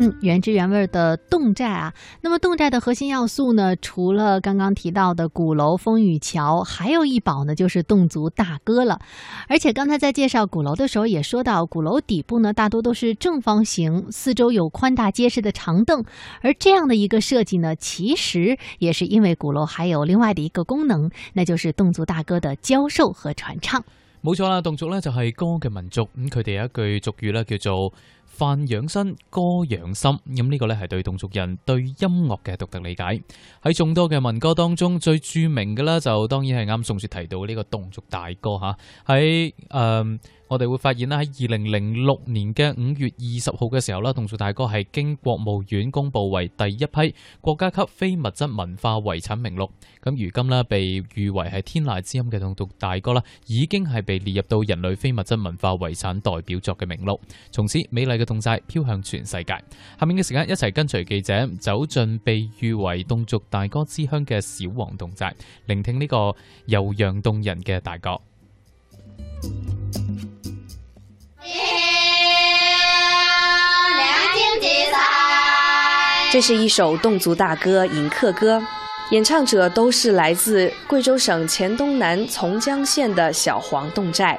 嗯，原汁原味的侗寨啊。那麼侗寨的核心要素呢，除了剛剛提到的鼓樓、風雨橋，還有一寶呢，就是侗族大歌了。而且剛才在介紹鼓樓的時候，也說到鼓樓底部呢，大多都是正方形，四周有寬大結實的長凳。而這樣的一個設計呢，其實也是因為鼓樓還有另外的一個功能，那就是侗族大歌的教授和傳唱。沒錯啦，侗族呢，就係歌嘅民族，咁佢哋有一句俗語呢叫做。飯養身歌養心，咁呢個呢，係對侗族人對音樂嘅獨特理解。喺眾多嘅民歌當中，最著名嘅啦就當然係啱宋雪提到呢個侗族大歌吓。喺誒、嗯，我哋會發現啦，喺二零零六年嘅五月二十號嘅時候啦，侗族大歌係經國務院公布為第一批國家級非物質文化遺產名錄。咁如今啦，被譽為係天籟之音嘅侗族大歌啦，已經係被列入到人類非物質文化遺產代表作嘅名錄。從此，美麗。侗寨飄向全世界。下面嘅時間，一齊跟隨記者走進被譽為侗族大歌之鄉嘅小黃侗寨，聆聽呢個悠揚動人嘅大歌。這是一首侗族大歌迎客歌，演唱者都是來自貴州省黔東南從江縣的小黃侗寨。